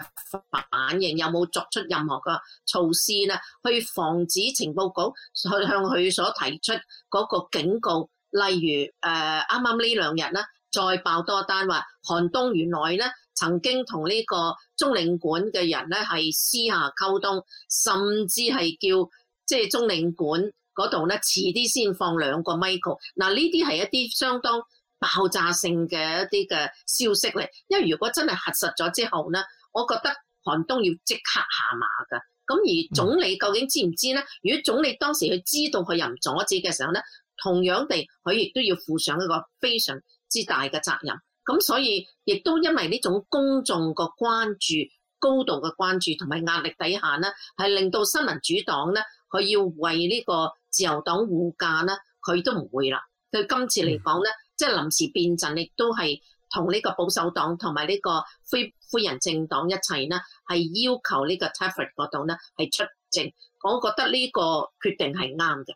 反應？有冇作出任何嘅措施咧？去防止情報局去向佢所提出嗰個警告。例如誒，啱、呃、啱呢兩日咧，再爆多單話，韓東原來咧曾經同呢個中領館嘅人咧係私下溝通，甚至係叫即係、就是、中領館嗰度咧遲啲先放兩個 micro。嗱、呃，呢啲係一啲相當。爆炸性嘅一啲嘅消息嚟，因為如果真係核實咗之後咧，我覺得韓東要即刻下馬噶。咁而總理究竟知唔知咧？如果總理當時佢知道佢又唔阻止嘅時候咧，同樣地佢亦都要負上一個非常之大嘅責任。咁所以亦都因為呢種公眾個關注、高度嘅關注同埋壓力底下咧，係令到新民主黨咧，佢要為呢個自由黨護駕咧，佢都唔會啦。佢今次嚟講咧。即係臨時變陣，亦都係同呢個保守黨同埋呢個非非人政黨一齊呢，係要求呢個 Telford 嗰度呢，係出政，我覺得呢個決定係啱嘅。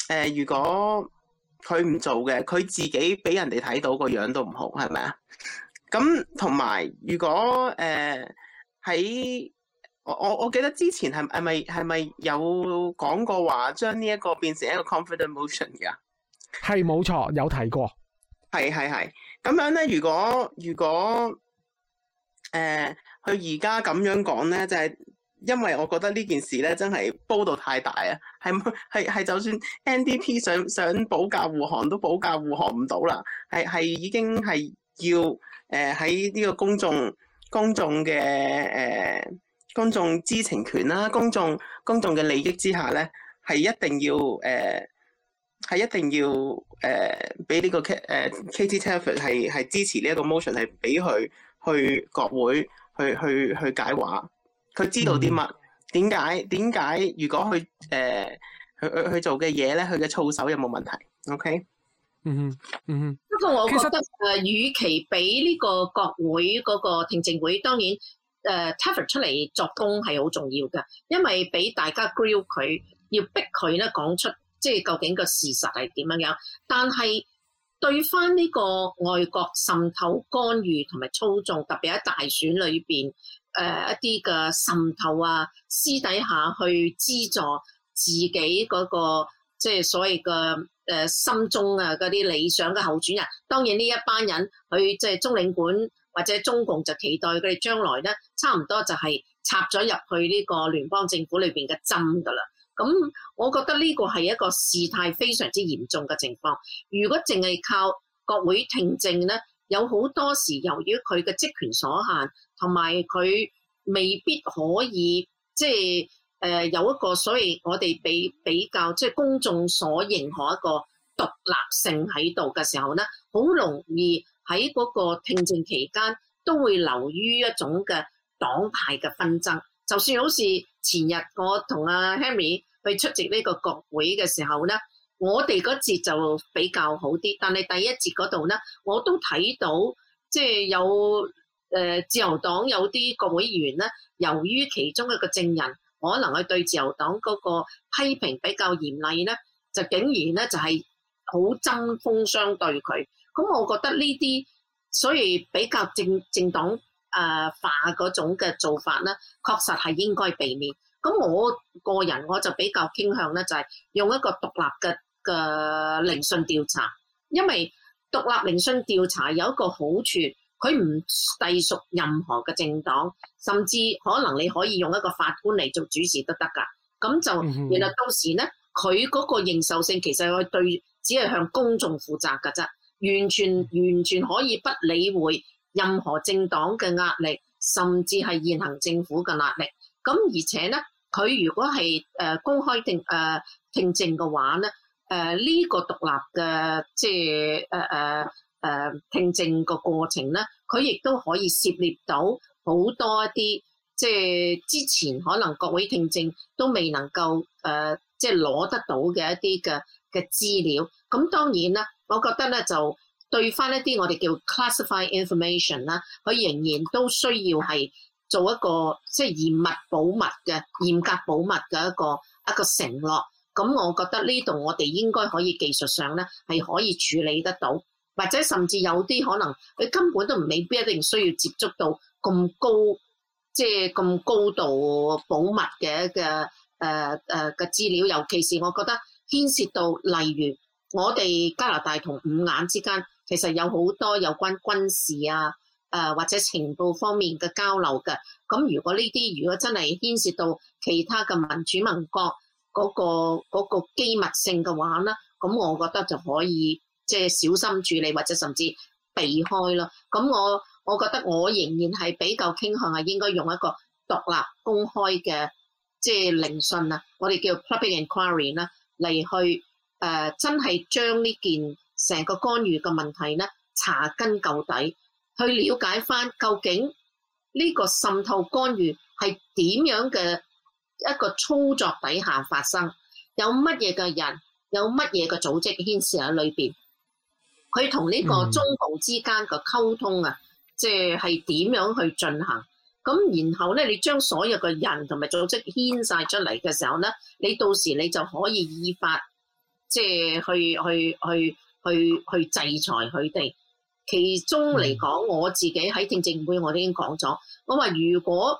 誒、呃，如果佢唔做嘅，佢自己俾人哋睇到個樣都唔好，係咪啊？咁同埋，如果誒喺、呃、我我我記得之前係係咪係咪有講過話將呢一個變成一個 confident motion 噶？係冇錯，有提過。係係係，咁樣咧，如果如果誒，佢而家咁樣講咧，就係、是、因為我覺得呢件事咧真係煲到太大啊！係係係，就算 NDP 想想保駕護航都保駕護航唔到啦，係係已經係要誒喺呢個公眾公眾嘅誒、呃、公眾知情權啦，公眾公眾嘅利益之下咧，係一定要誒係、呃、一定要誒俾呢個 K 誒、呃、Katie Telford 係支持呢一個 motion 係俾佢去國會去去去解話，佢知道啲乜？嗯點解點解？如果佢誒佢去做嘅嘢咧，佢嘅操守有冇問題？OK，嗯哼嗯哼。不過我覺得誒實、呃，與其俾呢個國會嗰個聽證會，當然誒、呃、Telford 出嚟作供係好重要嘅，因為俾大家 grill 佢，要逼佢咧講出即係究竟個事實係點樣樣。但係對翻呢個外國滲透干預同埋操縱，特別喺大選裏邊。誒、呃、一啲嘅滲透啊，私底下去資助自己嗰、那個，即係所謂嘅誒心中啊嗰啲理想嘅候選人。當然呢一班人，去即係中領館或者中共就期待佢哋將來咧，差唔多就係插咗入去呢個聯邦政府裏邊嘅針㗎啦。咁、嗯、我覺得呢個係一個事態非常之嚴重嘅情況。如果淨係靠國會聽證咧，有好多時由於佢嘅職權所限。同埋佢未必可以，即係誒有一個所謂我哋比比較即係、就是、公眾所認可一個獨立性喺度嘅時候咧，好容易喺嗰個聽證期間都會流於一種嘅黨派嘅紛爭，就算好似前日我同阿 Henry 去出席呢個國會嘅時候咧，我哋嗰節就比較好啲，但係第一節嗰度咧，我都睇到即係、就是、有。誒自由黨有啲國會議員咧，由於其中一個證人可能佢對自由黨嗰個批評比較嚴厲咧，就竟然咧就係好針鋒相對佢。咁我覺得呢啲，所以比較政政黨誒化嗰種嘅做法咧，確實係應該避免。咁我個人我就比較傾向咧，就係、是、用一個獨立嘅嘅聆訊調查，因為獨立聆訊調查有一個好處。佢唔隸屬任何嘅政黨，甚至可能你可以用一個法官嚟做主持都得㗎。咁就、嗯、哼原來到時咧，佢嗰個認受性其實佢對只係向公眾負責㗎啫，完全完全可以不理會任何政黨嘅壓力，甚至係現行政府嘅壓力。咁而且咧，佢如果係誒公開聽誒、呃、聽證嘅話咧，誒、呃、呢、這個獨立嘅即係誒誒。呃呃誒、uh, 聽證個過程咧，佢亦都可以涉獵到好多一啲，即、就、係、是、之前可能各位聽證都未能夠誒，即係攞得到嘅一啲嘅嘅資料。咁當然啦，我覺得咧就對翻一啲我哋叫 classified information 啦，佢仍然都需要係做一個即係、就是、嚴密保密嘅、嚴格保密嘅一個一個承諾。咁我覺得呢度我哋應該可以技術上咧係可以處理得到。或者甚至有啲可能，佢根本都未必一定需要接觸到咁高，即係咁高度保密嘅一嘅誒誒嘅資料。尤其是我覺得牽涉到，例如我哋加拿大同五眼之間其實有好多有關軍事啊誒、呃、或者情報方面嘅交流嘅。咁如果呢啲如果真係牽涉到其他嘅民主民國嗰、個嗰、個機密性嘅話咧，咁我覺得就可以。即係小心處理，或者甚至避開咯。咁我我覺得我仍然係比較傾向係應該用一個獨立公開嘅即係聆訊啊，我哋叫 public inquiry 啦，嚟去誒真係將呢件成個干預嘅問題咧查根究底，去了解返究竟呢個滲透干預係點樣嘅一個操作底下發生，有乜嘢嘅人，有乜嘢嘅組織牽涉喺裏邊。佢同呢個中部之間嘅溝通啊，嗯、即係點樣去進行？咁然後咧，你將所有嘅人同埋組織牽晒出嚟嘅時候咧，你到時你就可以依法即係去去去去去，去制裁佢哋。其中嚟講，嗯、我自己喺聽證會我，我都已經講咗，我話如果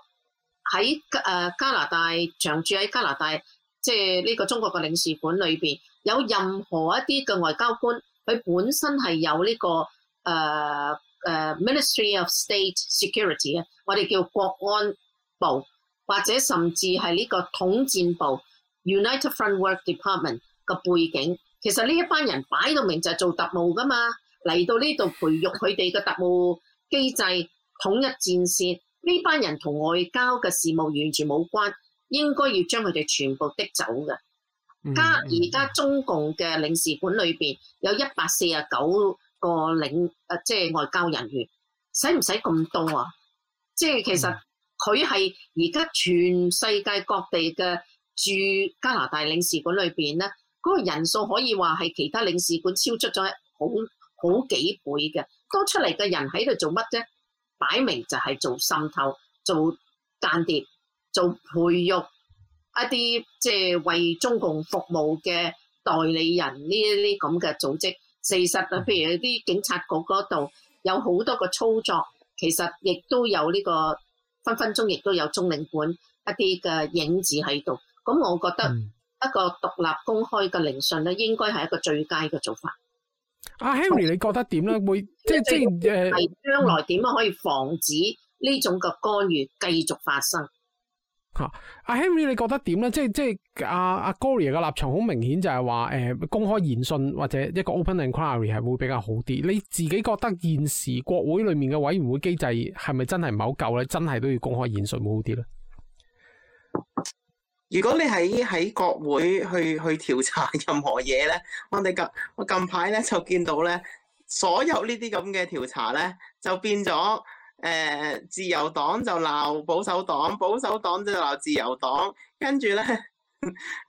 喺誒加拿大長住喺加拿大，即係呢個中國嘅領事館裏邊有任何一啲嘅外交官。佢本身係有呢，這個誒誒、uh, uh, Ministry of State Security 啊，我哋叫國安部，或者甚至係呢個統戰部 United Front Work Department 嘅背景。其實呢一班人擺到明就係做特務噶嘛，嚟到呢度培育佢哋嘅特務機制，統一戰線，呢班人同外交嘅事務完全冇關，應該要將佢哋全部的走嘅。加而家中共嘅領事館裏邊有一百四十九個領誒，即係外交人員，使唔使咁多啊？即係其實佢係而家全世界各地嘅駐加拿大領事館裏邊咧，嗰個人數可以話係其他領事館超出咗好好幾倍嘅，多出嚟嘅人喺度做乜啫？擺明就係做滲透、做間諜、做培育。一啲即係為中共服務嘅代理人呢，一啲咁嘅組織，其實啊，譬如啲警察局嗰度有好多個操作，其實亦都有呢、這個分分鐘亦都有中領館一啲嘅影子喺度。咁、嗯、我覺得一個獨立公開嘅聆訊咧，應該係一個最佳嘅做法。阿 Henry，你覺得點咧？會即係即係誒，將來點樣可以防止呢種嘅干預繼續發生？吓，阿 Henry，你覺得點咧？即係即係阿、啊、阿 Gloria 嘅立場好明顯就係話，誒、欸，公開研訊或者一個 open inquiry 係會比較好啲。你自己覺得現時國會裏面嘅委員會機制係咪真係唔係好夠咧？真係都要公開研訊會好啲咧？如果你喺喺國會去去調查任何嘢咧，我哋近我近排咧就見到咧，所有呢啲咁嘅調查咧就變咗。誒、呃，自由黨就鬧保守黨，保守黨就鬧自由黨，跟住咧，誒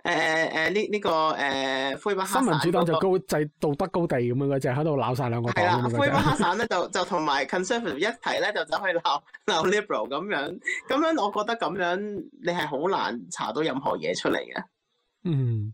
誒呢呢個誒，魁、呃、北。新民主黨、嗯、就高制道德高地咁樣嘅，就喺度鬧晒兩個黨咁樣嘅，魁北克省咧就就同埋 conservative 一齊咧就走去鬧鬧 liberal 咁樣，咁樣，樣我覺得咁樣你係好難查到任何嘢出嚟嘅。嗯。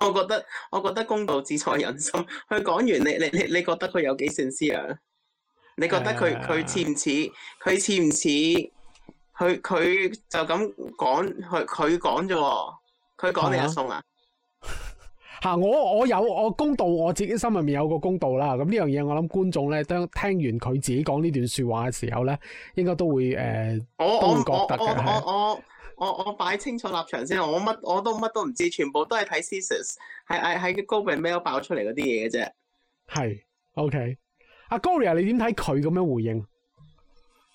我覺得我覺得公道自在人心。佢講完，你你你你覺得佢有幾善思啊？你覺得佢佢似唔似？佢似唔似？佢佢就咁講，佢佢講啫喎。佢講你就送，uh huh. 啊？吓我我有我公道，我自己心入面有個公道啦。咁呢樣嘢，我諗觀眾咧，當聽完佢自己講呢段說話嘅時候咧，應該都會誒、呃、都唔覺得嘅。Oh, oh, oh, oh, oh, oh, oh. 我我擺清楚立場先，我乜我都乜都唔知，全部都係睇 sources 係係喺高明 mail 爆出嚟嗰啲嘢嘅啫。係，OK。阿 Gloria，你點睇佢咁樣回應？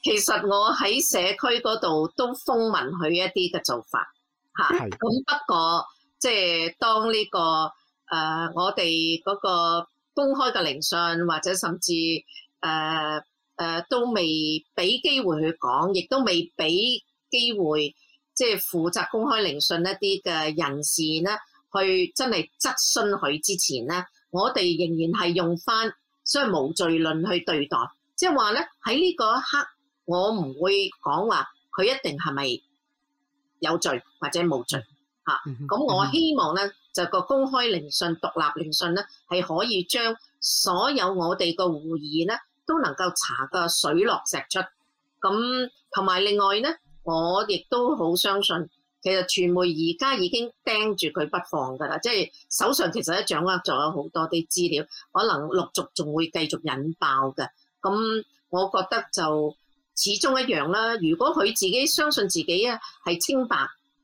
其實我喺社區嗰度都風聞佢一啲嘅做法嚇，咁是是不過即係、就是、當呢、這個誒、呃，我哋嗰個公開嘅聆訊或者甚至誒誒、呃呃、都未俾機會去講，亦都未俾機會。即係負責公開聆訊一啲嘅人士咧，去真係質詢佢之前咧，我哋仍然係用翻所謂無罪論去對待，即係話咧喺呢個一刻，我唔會講話佢一定係咪有罪或者無罪嚇。咁、啊、我希望咧就個公開聆訊、 *laughs* 獨立聆訊咧係可以將所有我哋個會議咧都能夠查個水落石出。咁同埋另外咧。我亦都好相信，其實傳媒而家已經盯住佢不放㗎啦，即係手上其實都掌握咗好多啲資料，可能陸續仲會繼續引爆嘅。咁我覺得就始終一樣啦。如果佢自己相信自己啊係清白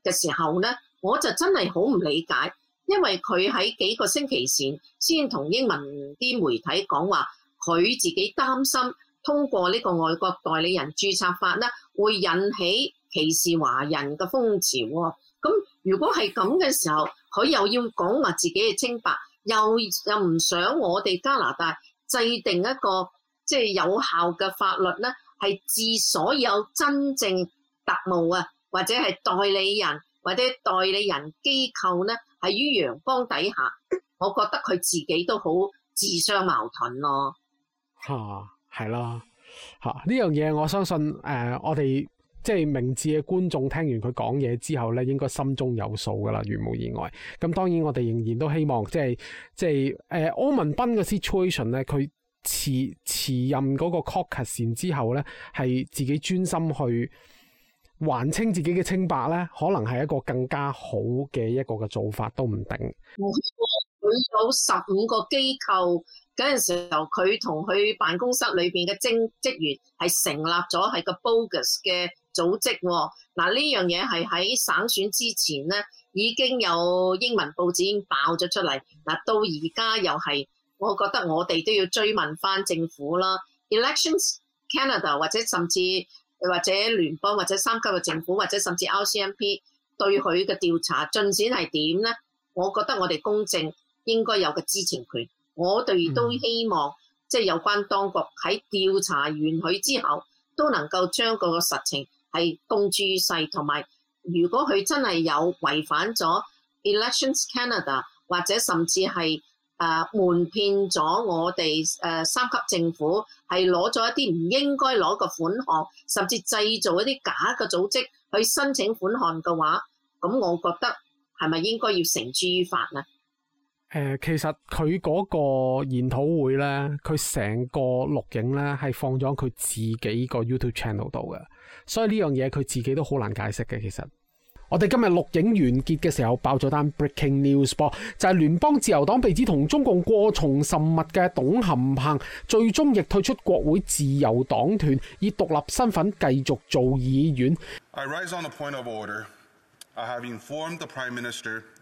嘅時候咧，我就真係好唔理解，因為佢喺幾個星期前先同英文啲媒體講話，佢自己擔心。通過呢個外國代理人註冊法咧，會引起歧視華人嘅風潮。咁如果係咁嘅時候，佢又要講話自己嘅清白，又又唔想我哋加拿大制定一個即係、就是、有效嘅法律咧，係置所有真正特務啊，或者係代理人或者代理人機構咧，係於陽光底下。我覺得佢自己都好自相矛盾咯。嚇～ *laughs* 係啦，嚇呢樣嘢我相信誒、呃，我哋即係明智嘅觀眾，聽完佢講嘢之後呢，應該心中有數噶啦，如無意外。咁、嗯、當然我哋仍然都希望即係即係柯、呃、文斌嘅 situation 咧，佢辭辭任嗰個 caucus 之後呢，係自己專心去還清自己嘅清白呢，可能係一個更加好嘅一個嘅做法都唔定。我係喎，佢有十五個機構。嗰陣時候，佢同佢辦公室裏邊嘅職員係成立咗係個 bogus 嘅組織、哦。嗱，呢樣嘢係喺省選之前咧已經有英文報紙已經爆咗出嚟。嗱，到而家又係，我覺得我哋都要追問翻政府啦。Elections Canada 或者甚至或者聯邦或者三級嘅政府或者甚至 RCMP 對佢嘅調查進展係點咧？我覺得我哋公正應該有個知情權。我哋都希望，即係有關當局喺調查完佢之後，都能夠將個個實情係公諸於世，同埋如果佢真係有違反咗 Elections Canada，或者甚至係誒、呃、瞞騙咗我哋誒、呃、三級政府，係攞咗一啲唔應該攞嘅款項，甚至製造一啲假嘅組織去申請款項嘅話，咁我覺得係咪應該要繩之於法咧？誒，其實佢嗰個研討會呢，佢成個錄影呢係放咗佢自己個 YouTube channel 度嘅，所以呢樣嘢佢自己都好難解釋嘅。其實， *music* 我哋今日錄影完結嘅時候爆咗單 breaking news 噃，就係聯邦自由黨被指同中共過從甚密嘅董含鵬，最終亦退出國會自由黨團，以獨立身份繼續做議員。I rise on the point of order. I have informed the Prime Minister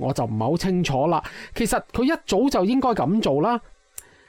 我就唔係好清楚啦。其實佢一早就應該咁做啦。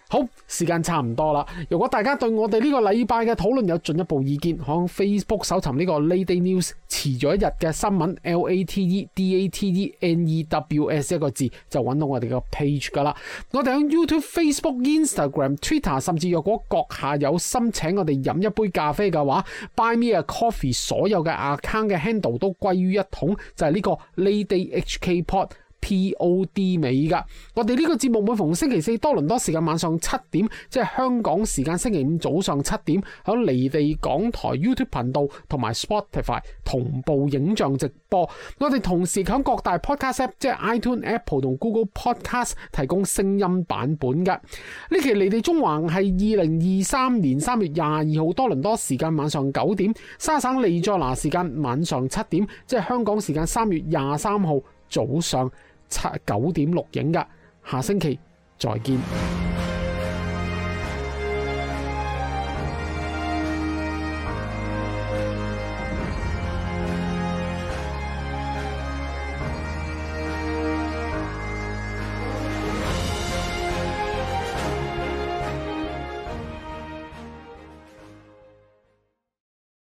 好，時間差唔多啦。如果大家對我哋呢個禮拜嘅討論有進一步意見，可能 Facebook 搜尋呢個 Late Date News 遲咗一日嘅新聞，late date news 一個字就揾到我哋嘅 page 㗎啦。我哋響 YouTube、Facebook、Instagram、Twitter，甚至若果閣下有心請我哋飲一杯咖啡嘅話，buy me a coffee，所有嘅 account 嘅 handle 都歸於一統，就係呢個 Late Date HK Pod。P.O.D. 美噶，我哋呢個節目每逢星期四多倫多時間晚上七點，即係香港時間星期五早上七點，響離地港台 YouTube 頻道同埋 Spotify 同步影像直播。我哋同時響各大 Podcast app，即係 iTune、Apple 同 Google Podcast 提供聲音版本嘅。呢期離地中環係二零二三年三月廿二號多倫多時間晚上九點，沙省利作拿時間晚上七點，即係香港時間三月廿三號早上。七九點錄影㗎，下星期再見。